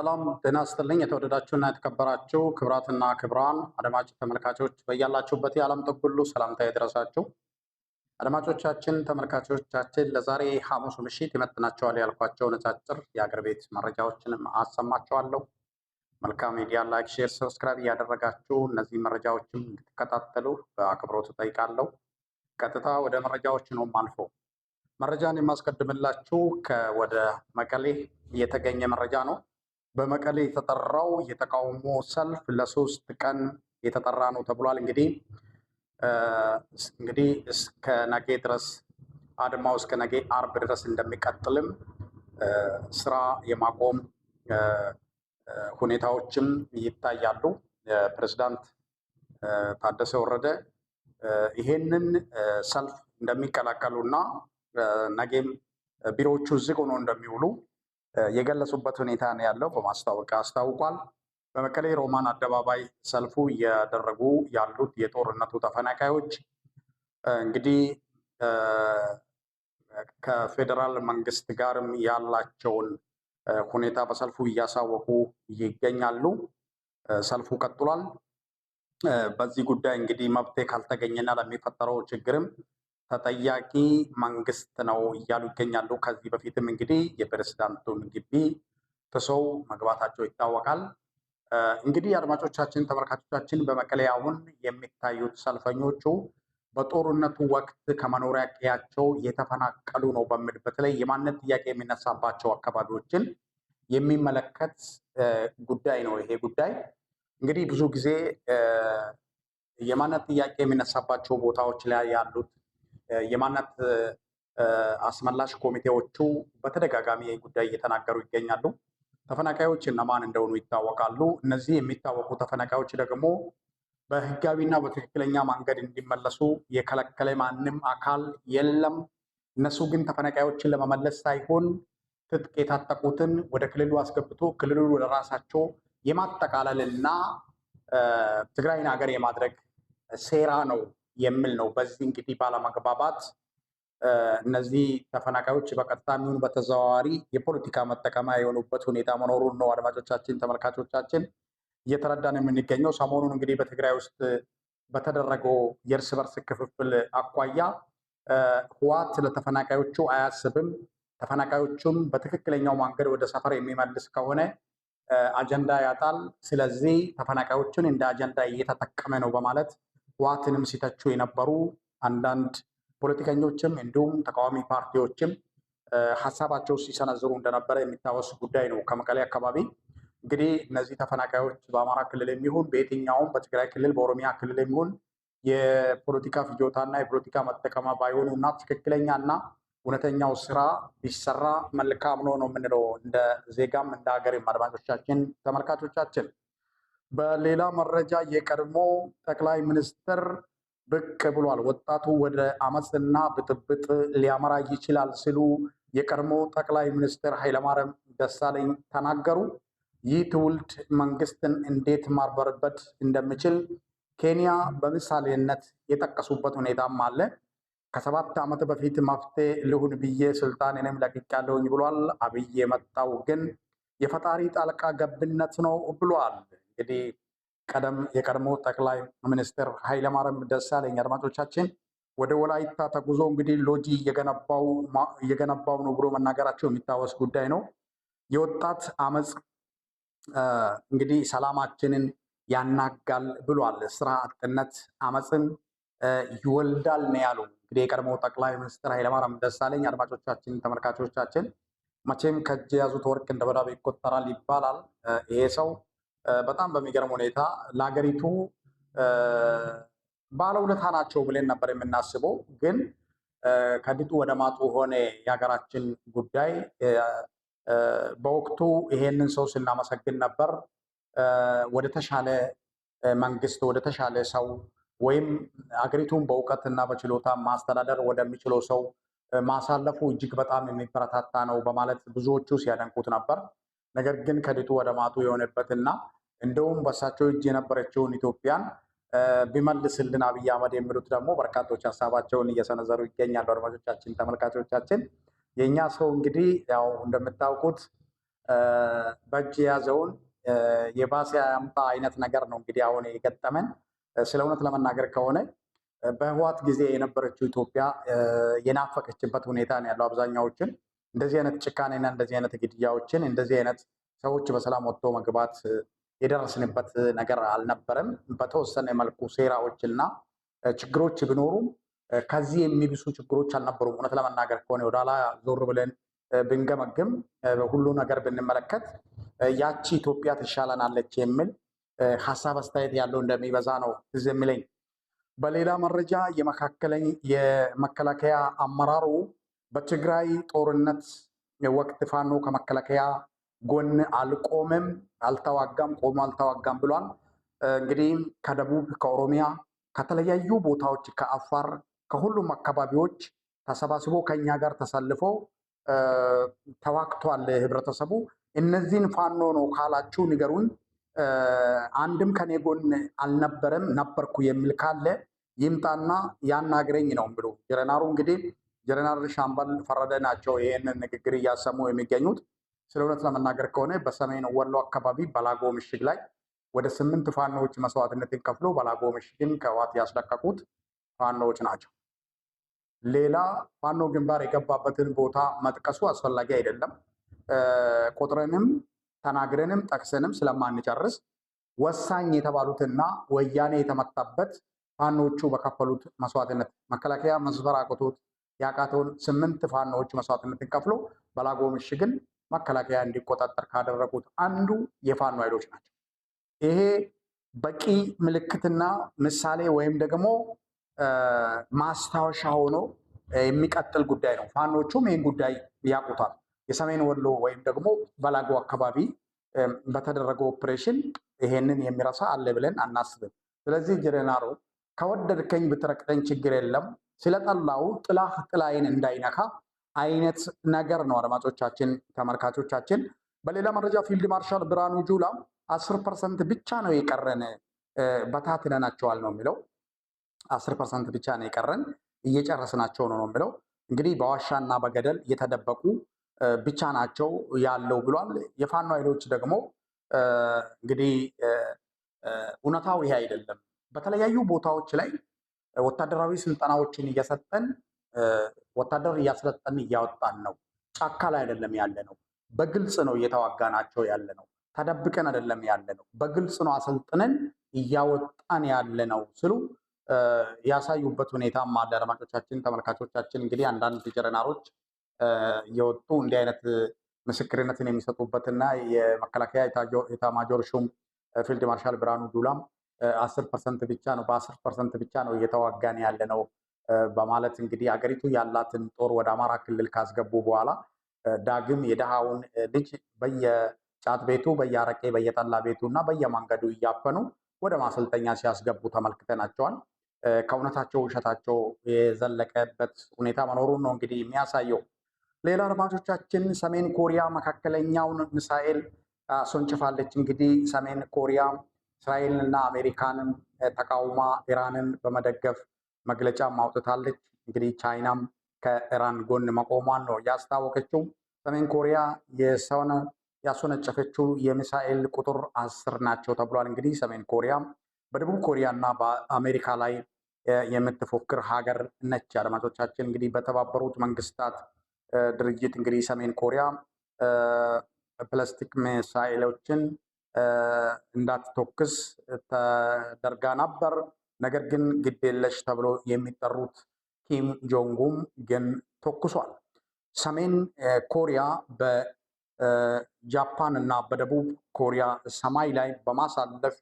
ሰላም ጤና ይስጥልኝ። የተወደዳችሁና የተከበራችሁ ክብራትና ክብራን አድማጭ ተመልካቾች በያላችሁበት የዓለም ጥግ ሁሉ ሰላምታ የደረሳችሁ አድማጮቻችን፣ ተመልካቾቻችን ለዛሬ ሐሙሱ ምሽት ይመጥናቸዋል ያልኳቸው ነጫጭር የአገር ቤት መረጃዎችንም አሰማቸዋለሁ። መልካም ሚዲያ ላይክ፣ ሼር፣ ሰብስክራይብ እያደረጋችሁ እነዚህ መረጃዎችም እንድትከታተሉ በአክብሮት እጠይቃለሁ። ቀጥታ ወደ መረጃዎች ነው አልፎ መረጃን የማስቀድምላችሁ ከወደ መቀሌ የተገኘ መረጃ ነው። በመቀሌ የተጠራው የተቃውሞ ሰልፍ ለሶስት ቀን የተጠራ ነው ተብሏል። እንግዲህ እንግዲህ እስከ ነገ ድረስ አድማው እስከ ነገ አርብ ድረስ እንደሚቀጥልም ስራ የማቆም ሁኔታዎችም ይታያሉ። ፕሬዚዳንት ታደሰ ወረደ ይሄንን ሰልፍ እንደሚቀላቀሉ እና ነገም ቢሮዎቹ ዝግ ሆኖ እንደሚውሉ የገለጹበት ሁኔታ ነው ያለው በማስታወቂያ አስታውቋል። በመቀሌ ሮማን አደባባይ ሰልፉ እያደረጉ ያሉት የጦርነቱ ተፈናቃዮች እንግዲህ ከፌዴራል መንግስት ጋርም ያላቸውን ሁኔታ በሰልፉ እያሳወቁ ይገኛሉ። ሰልፉ ቀጥሏል። በዚህ ጉዳይ እንግዲህ መብቴ ካልተገኘና ለሚፈጠረው ችግርም ተጠያቂ መንግስት ነው እያሉ ይገኛሉ። ከዚህ በፊትም እንግዲህ የፕሬዝዳንቱን ግቢ ጥሰው መግባታቸው ይታወቃል። እንግዲህ አድማጮቻችን፣ ተመልካቾቻችን በመቀሌ አሁን የሚታዩት ሰልፈኞቹ በጦርነቱ ወቅት ከመኖሪያ ቀያቸው የተፈናቀሉ ነው በሚል በተለይ የማንነት ጥያቄ የሚነሳባቸው አካባቢዎችን የሚመለከት ጉዳይ ነው። ይሄ ጉዳይ እንግዲህ ብዙ ጊዜ የማንነት ጥያቄ የሚነሳባቸው ቦታዎች ላይ ያሉት የማንነት አስመላሽ ኮሚቴዎቹ በተደጋጋሚ ይህ ጉዳይ እየተናገሩ ይገኛሉ። ተፈናቃዮች እነማን እንደሆኑ ይታወቃሉ። እነዚህ የሚታወቁ ተፈናቃዮች ደግሞ በህጋዊና በትክክለኛ መንገድ እንዲመለሱ የከለከለ ማንም አካል የለም። እነሱ ግን ተፈናቃዮችን ለመመለስ ሳይሆን ትጥቅ የታጠቁትን ወደ ክልሉ አስገብቶ ክልሉ ለራሳቸው የማጠቃለልና ትግራይን ሀገር የማድረግ ሴራ ነው የሚል ነው። በዚህ እንግዲህ ባለመግባባት እነዚህ ተፈናቃዮች በቀጥታ የሚሆኑ በተዘዋዋሪ የፖለቲካ መጠቀሚያ የሆኑበት ሁኔታ መኖሩን ነው አድማጮቻችን፣ ተመልካቾቻችን እየተረዳን የምንገኘው። ሰሞኑን እንግዲህ በትግራይ ውስጥ በተደረገው የእርስ በርስ ክፍፍል አኳያ ህዋት ለተፈናቃዮቹ አያስብም፣ ተፈናቃዮቹን በትክክለኛው መንገድ ወደ ሰፈር የሚመልስ ከሆነ አጀንዳ ያጣል፣ ስለዚህ ተፈናቃዮችን እንደ አጀንዳ እየተጠቀመ ነው በማለት ህወሓትንም ሲተቹ የነበሩ አንዳንድ ፖለቲከኞችም እንዲሁም ተቃዋሚ ፓርቲዎችም ሀሳባቸው ሲሰነዝሩ እንደነበረ የሚታወስ ጉዳይ ነው። ከመቀሌ አካባቢ እንግዲህ እነዚህ ተፈናቃዮች በአማራ ክልል የሚሆን በየትኛውም በትግራይ ክልል በኦሮሚያ ክልል የሚሆን የፖለቲካ እና የፖለቲካ መጠቀማ ባይሆኑ እና ትክክለኛ እና እውነተኛው ስራ ቢሰራ መልካም ነው ነው የምንለው እንደ ዜጋም እንደ ሀገርም። አድማጮቻችን፣ ተመልካቾቻችን በሌላ መረጃ የቀድሞ ጠቅላይ ሚኒስትር ብቅ ብሏል። ወጣቱ ወደ አመፅና ብጥብጥ ሊያመራ ይችላል ሲሉ የቀድሞ ጠቅላይ ሚኒስትር ኃይለማርያም ደሳለኝ ተናገሩ። ይህ ትውልድ መንግስትን እንዴት ማርበርበት እንደሚችል ኬንያ በምሳሌነት የጠቀሱበት ሁኔታም አለ። ከሰባት ዓመት በፊት መፍትሄ ልሁን ብዬ ስልጣኔንም ለቅቄያለሁኝ ብሏል። አብይ የመጣው ግን የፈጣሪ ጣልቃ ገብነት ነው ብሏል። እንግዲህ ቀደም የቀድሞ ጠቅላይ ሚኒስትር ኃይለማርያም ደሳለኝ አድማጮቻችን ወደ ወላይታ ተጉዞ እንግዲህ ሎጂ እየገነባው ነው ብሎ መናገራቸው የሚታወስ ጉዳይ ነው። የወጣት አመፅ እንግዲህ ሰላማችንን ያናጋል ብሏል። ስራ አጥነት አመፅን ይወልዳል ነው ያሉ እንግዲህ የቀድሞ ጠቅላይ ሚኒስትር ኃይለማርያም ደሳለኝ አድማጮቻችን፣ ተመልካቾቻችን መቼም ከእጅ የያዙት ወርቅ እንደ ይቆጠራል ይባላል። ይሄ ሰው በጣም በሚገርም ሁኔታ ለሀገሪቱ ባለውለታ ናቸው ብለን ነበር የምናስበው። ግን ከድጡ ወደ ማጡ ሆነ የሀገራችን ጉዳይ። በወቅቱ ይሄንን ሰው ስናመሰግን ነበር። ወደ ተሻለ መንግስት፣ ወደ ተሻለ ሰው ወይም ሀገሪቱን እና በችሎታ ማስተዳደር ወደሚችለው ሰው ማሳለፉ እጅግ በጣም የሚበረታታ ነው በማለት ብዙዎቹ ሲያደንቁት ነበር። ነገር ግን ከዲቱ ወደ ማጡ የሆነበትና እንደውም በሳቸው እጅ የነበረችውን ኢትዮጵያን ቢመልስልን አብይ አህመድ የሚሉት ደግሞ በርካቶች ሀሳባቸውን እየሰነዘሩ ይገኛሉ። አድማጮቻችን፣ ተመልካቾቻችን የእኛ ሰው እንግዲህ ያው እንደምታውቁት በእጅ የያዘውን የባሰ ያምጣ አይነት ነገር ነው እንግዲህ አሁን የገጠመን። ስለ እውነት ለመናገር ከሆነ በህዋት ጊዜ የነበረችው ኢትዮጵያ የናፈቀችበት ሁኔታ ነው ያለው አብዛኛዎችን እንደዚህ አይነት ጭካኔና እንደዚህ አይነት ግድያዎችን እንደዚህ አይነት ሰዎች በሰላም ወጥቶ መግባት የደረስንበት ነገር አልነበረም። በተወሰነ መልኩ ሴራዎችና ችግሮች ቢኖሩም ከዚህ የሚብሱ ችግሮች አልነበሩም። እውነት ለመናገር ከሆነ ወደኋላ ዞር ብለን ብንገመግም ሁሉ ነገር ብንመለከት ያቺ ኢትዮጵያ ትሻለናለች የሚል ሀሳብ አስተያየት ያለው እንደሚበዛ ነው ትዝ የሚለኝ። በሌላ መረጃ የመካከለኝ የመከላከያ አመራሩ በትግራይ ጦርነት ወቅት ፋኖ ከመከላከያ ጎን አልቆምም፣ አልተዋጋም፣ ቆሞ አልተዋጋም ብሏል። እንግዲህ ከደቡብ ከኦሮሚያ፣ ከተለያዩ ቦታዎች ከአፋር፣ ከሁሉም አካባቢዎች ተሰባስቦ ከኛ ጋር ተሰልፎ ተዋግቷል። ህብረተሰቡ እነዚህን ፋኖ ነው ካላችሁ ንገሩን። አንድም ከኔ ጎን አልነበረም ነበርኩ የሚል ካለ ይምጣና ያናግረኝ ነው ብሎ ጀነራሉ እንግዲህ ጀነራል ሻምበል ፈረደ ናቸው ይህንን ንግግር እያሰሙ የሚገኙት። ስለ እውነት ለመናገር ከሆነ በሰሜን ወሎ አካባቢ በላጎ ምሽግ ላይ ወደ ስምንት ፋኖዎች መስዋዕትነትን ከፍሎ በላጎ ምሽግን ከዋት ያስለቀቁት ፋኖዎች ናቸው። ሌላ ፋኖ ግንባር የገባበትን ቦታ መጥቀሱ አስፈላጊ አይደለም። ቁጥርንም ተናግረንም ጠቅሰንም ስለማንጨርስ ወሳኝ የተባሉትና ወያኔ የተመታበት ፋኖቹ በከፈሉት መስዋዕትነት መከላከያ መስፈር አቅቶት ያቃተውን ስምንት ፋኖዎች መስዋዕትነትን ከፍሎ በላጎ ምሽግን መከላከያ እንዲቆጣጠር ካደረጉት አንዱ የፋኖ ኃይሎች ናቸው። ይሄ በቂ ምልክትና ምሳሌ ወይም ደግሞ ማስታወሻ ሆኖ የሚቀጥል ጉዳይ ነው። ፋኖቹም ይህን ጉዳይ ያውቁታል። የሰሜን ወሎ ወይም ደግሞ በላጎ አካባቢ በተደረገው ኦፕሬሽን ይሄንን የሚረሳ አለ ብለን አናስብም። ስለዚህ ጀነራሉ ከወደድከኝ ብትረቅጠኝ ችግር የለም ስለጠላው ጥላህ ጥላዬን እንዳይነካ አይነት ነገር ነው። አድማጮቻችን፣ ተመልካቾቻችን በሌላ መረጃ ፊልድ ማርሻል ብርሃኑ ጁላ አስር ፐርሰንት ብቻ ነው የቀረን በታትነናቸዋል ነው የሚለው። አስር ፐርሰንት ብቻ ነው የቀረን እየጨረስናቸው ነው ነው የሚለው። እንግዲህ በዋሻና በገደል የተደበቁ ብቻ ናቸው ያለው ብሏል። የፋኖ ኃይሎች ደግሞ እንግዲህ እውነታው ይሄ አይደለም፣ በተለያዩ ቦታዎች ላይ ወታደራዊ ስልጠናዎችን እየሰጠን ወታደር እያስለጠን እያወጣን ነው። ጫካ ላይ አይደለም ያለ ነው። በግልጽ ነው እየተዋጋናቸው ያለ ነው። ተደብቀን አይደለም ያለ ነው። በግልጽ ነው አሰልጥነን እያወጣን ያለ ነው ስሉ ያሳዩበት ሁኔታም አለ። አድማጮቻችን፣ ተመልካቾቻችን እንግዲህ አንዳንድ ጀረናሮች እየወጡ እንዲህ አይነት ምስክርነትን የሚሰጡበትና የመከላከያ የታማጆር ሹም ፊልድ ማርሻል ብርሃኑ ጁላም አስር ፐርሰንት ብቻ ነው በአስር ፐርሰንት ብቻ ነው እየተዋጋን ያለ ነው በማለት እንግዲህ አገሪቱ ያላትን ጦር ወደ አማራ ክልል ካስገቡ በኋላ ዳግም የደሃውን ልጅ በየጫት ቤቱ፣ በየአረቄ፣ በየጠላ ቤቱ እና በየመንገዱ እያፈኑ ወደ ማሰልጠኛ ሲያስገቡ ተመልክተናቸዋል። ከእውነታቸው ውሸታቸው የዘለቀበት ሁኔታ መኖሩን ነው እንግዲህ የሚያሳየው። ሌላ አድማጮቻችን፣ ሰሜን ኮሪያ መካከለኛውን ሚሳኤል አስወንጭፋለች። እንግዲህ ሰሜን ኮሪያ እና አሜሪካንን ተቃውማ ኢራንን በመደገፍ መግለጫ አውጥታለች። እንግዲህ ቻይናም ከኢራን ጎን መቆሟን ነው ያስታወቀችው። ሰሜን ኮሪያ የሰነ ያስወነጨፈችው የሚሳኤል ቁጥር አስር ናቸው ተብሏል። እንግዲህ ሰሜን ኮሪያ በደቡብ ኮሪያ እና በአሜሪካ ላይ የምትፎክር ሀገር ነች። አድማጮቻችን እንግዲህ በተባበሩት መንግስታት ድርጅት እንግዲህ ሰሜን ኮሪያ ፕላስቲክ ሚሳኤሎችን እንዳትተኩስ ተደርጋ ነበር። ነገር ግን ግዴለሽ ተብሎ የሚጠሩት ኪም ጆንጉም ግን ተኩሷል። ሰሜን ኮሪያ በጃፓን እና በደቡብ ኮሪያ ሰማይ ላይ በማሳለፍ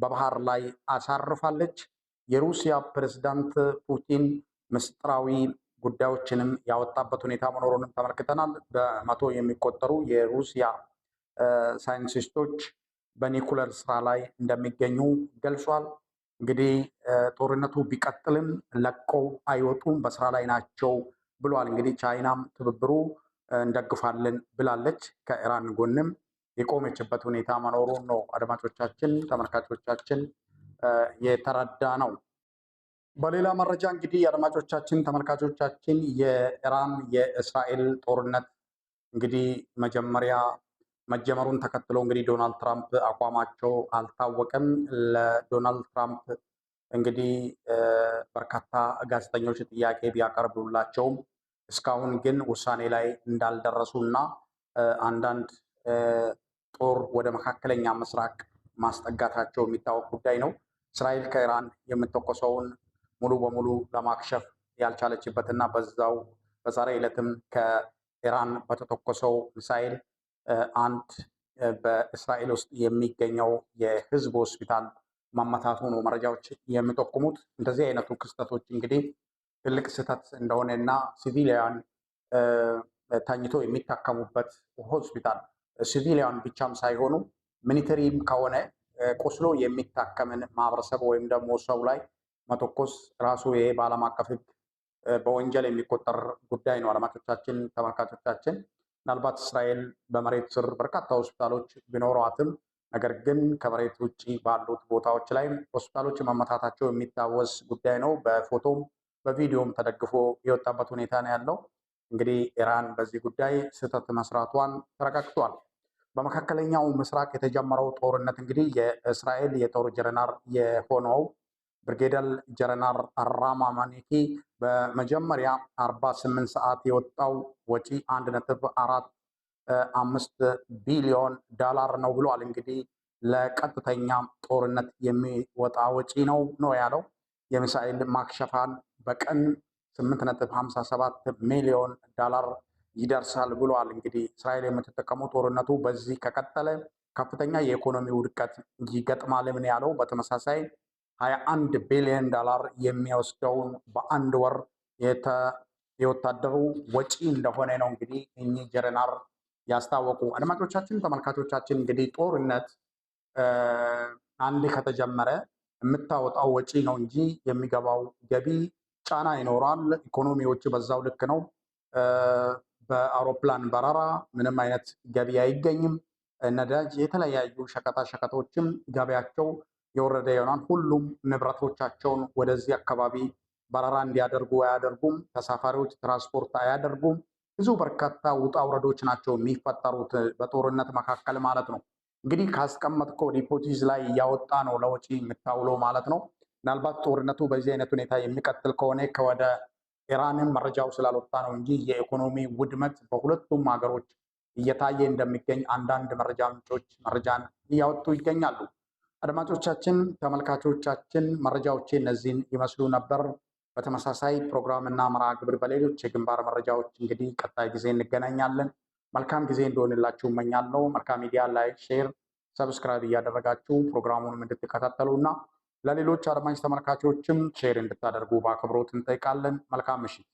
በባህር ላይ አሳርፋለች። የሩሲያ ፕሬዝዳንት ፑቲን ምስጢራዊ ጉዳዮችንም ያወጣበት ሁኔታ መኖሩንም ተመልክተናል። በመቶ የሚቆጠሩ የሩሲያ ሳይንቲስቶች በኒኩለር ስራ ላይ እንደሚገኙ ገልጿል። እንግዲህ ጦርነቱ ቢቀጥልም ለቀው አይወጡም፣ በስራ ላይ ናቸው ብሏል። እንግዲህ ቻይናም ትብብሩ እንደግፋለን ብላለች። ከኢራን ጎንም የቆመችበት ሁኔታ መኖሩን ነው አድማጮቻችን፣ ተመልካቾቻችን የተረዳ ነው። በሌላ መረጃ እንግዲህ የአድማጮቻችን ተመልካቾቻችን የኢራን የእስራኤል ጦርነት እንግዲህ መጀመሪያ መጀመሩን ተከትሎ እንግዲህ ዶናልድ ትራምፕ አቋማቸው አልታወቀም። ለዶናልድ ትራምፕ እንግዲህ በርካታ ጋዜጠኞች ጥያቄ ቢያቀርቡላቸውም እስካሁን ግን ውሳኔ ላይ እንዳልደረሱ እና አንዳንድ ጦር ወደ መካከለኛ ምስራቅ ማስጠጋታቸው የሚታወቅ ጉዳይ ነው። እስራኤል ከኢራን የምተኮሰውን ሙሉ በሙሉ ለማክሸፍ ያልቻለችበት እና በዛው በዛሬ ዕለትም ከኢራን በተተኮሰው ሚሳይል አንድ በእስራኤል ውስጥ የሚገኘው የህዝብ ሆስፒታል ማመታቱ ነው መረጃዎች የሚጠቁሙት። እንደዚህ አይነቱ ክስተቶች እንግዲህ ትልቅ ስህተት እንደሆነ እና ሲቪሊያን ተኝቶ የሚታከሙበት ሆስፒታል ሲቪሊያን ብቻም ሳይሆኑ ሚኒተሪም ከሆነ ቆስሎ የሚታከምን ማህበረሰብ ወይም ደግሞ ሰው ላይ መተኮስ ራሱ ይሄ በዓለም አቀፍ ህግ በወንጀል የሚቆጠር ጉዳይ ነው። አድማጮቻችን፣ ተመልካቾቻችን ምናልባት እስራኤል በመሬት ስር በርካታ ሆስፒታሎች ቢኖሯትም ነገር ግን ከመሬት ውጭ ባሉት ቦታዎች ላይ ሆስፒታሎች ማመታታቸው የሚታወስ ጉዳይ ነው። በፎቶም በቪዲዮም ተደግፎ የወጣበት ሁኔታ ነው ያለው። እንግዲህ ኢራን በዚህ ጉዳይ ስህተት መስራቷን ተረጋግጧል። በመካከለኛው ምስራቅ የተጀመረው ጦርነት እንግዲህ የእስራኤል የጦር ጀነራል የሆነው ብርጌደል ጀረናር አራማ ማኔኪ በመጀመሪያ 48 ሰዓት የወጣው ወጪ 1.45 ቢሊዮን ዳላር ነው ብሏል። እንግዲህ ለቀጥተኛ ጦርነት የሚወጣ ወጪ ነው ነው ያለው። የሚሳኤል ማክሸፋን በቀን 8.57 ሚሊዮን ዳላር ይደርሳል ብሏል። እንግዲህ እስራኤል የምትጠቀመው ጦርነቱ በዚህ ከቀጠለ ከፍተኛ የኢኮኖሚ ውድቀት ይገጥማል ምን ያለው በተመሳሳይ 21 ቢሊዮን ዶላር የሚወስደውን በአንድ ወር የወታደሩ ወጪ እንደሆነ ነው እንግዲህ እኚህ ጀረናር ያስታወቁ። አድማጮቻችን፣ ተመልካቾቻችን እንግዲህ ጦርነት አንድ ከተጀመረ የምታወጣው ወጪ ነው እንጂ የሚገባው ገቢ ጫና ይኖራል። ኢኮኖሚዎች በዛው ልክ ነው። በአውሮፕላን በረራ ምንም አይነት ገቢ አይገኝም። ነዳጅ፣ የተለያዩ ሸቀጣ ሸቀጦችም ገበያቸው የወረደ ይሆናል። ሁሉም ንብረቶቻቸውን ወደዚህ አካባቢ በረራ እንዲያደርጉ አያደርጉም። ተሳፋሪዎች ትራንስፖርት አያደርጉም። ብዙ በርካታ ውጣ ውረዶች ናቸው የሚፈጠሩት በጦርነት መካከል ማለት ነው። እንግዲህ ካስቀመጥከው ዲፖቲዝ ላይ እያወጣ ነው ለውጪ የምታውለው ማለት ነው። ምናልባት ጦርነቱ በዚህ አይነት ሁኔታ የሚቀጥል ከሆነ ከወደ ኢራንም መረጃው ስላልወጣ ነው እንጂ የኢኮኖሚ ውድመት በሁለቱም ሀገሮች እየታየ እንደሚገኝ አንዳንድ መረጃ ምንጮች መረጃን እያወጡ ይገኛሉ። አድማጮቻችን፣ ተመልካቾቻችን መረጃዎች እነዚህን ይመስሉ ነበር። በተመሳሳይ ፕሮግራምና መርሃ ግብር በሌሎች የግንባር መረጃዎች እንግዲህ ቀጣይ ጊዜ እንገናኛለን። መልካም ጊዜ እንደሆንላችሁ እመኛለሁ። መልካም ሚዲያ ላይ ሼር፣ ሰብስክራይብ እያደረጋችሁ ፕሮግራሙንም እንድትከታተሉ እና ለሌሎች አድማጭ ተመልካቾችም ሼር እንድታደርጉ በአክብሮት እንጠይቃለን። መልካም ምሽት።